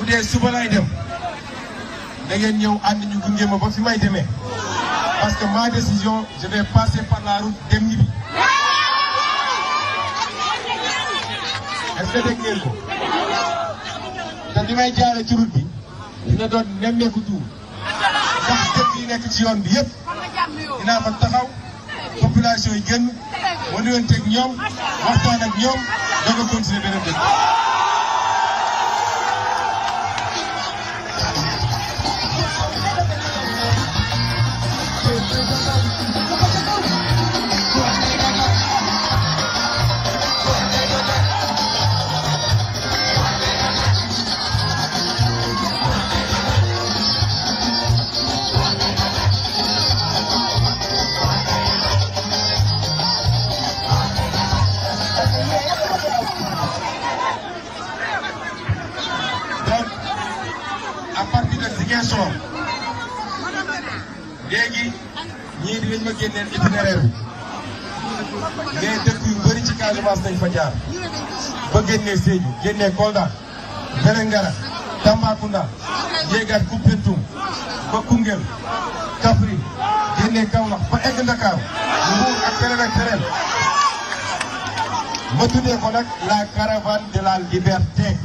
bu dee suba lay dem da ngeen ñëw ànd ñu gunge ma ba fi may demee parce que ma décision je vais passer par la route dem ñibbi. est-ce que dégg ko. te bi dina doon nemmeeku tuur ndax dëkk yi nekk ci yoon bi yëpp dinaa fa taxaw population yi génn ma nuyoon teg ñoom waxtaan ak ñoom doog a continuer beneen dëkk. donc à partir de Ziguinchor léegi ñii dinañ ma génneel itinéraire bi mais dëkk yu bëri ci Casamance dañ fa jaar ba génnee Sédhiou génnee Kolda Vélingara Tambacounda yéegaat Koumpentoum ba Koungheul Kaffrine génnee Kaolack ba egg Ndakaaru Mbour ak feneen ak feneen ma tuddee ko nag la caravane de la liberté.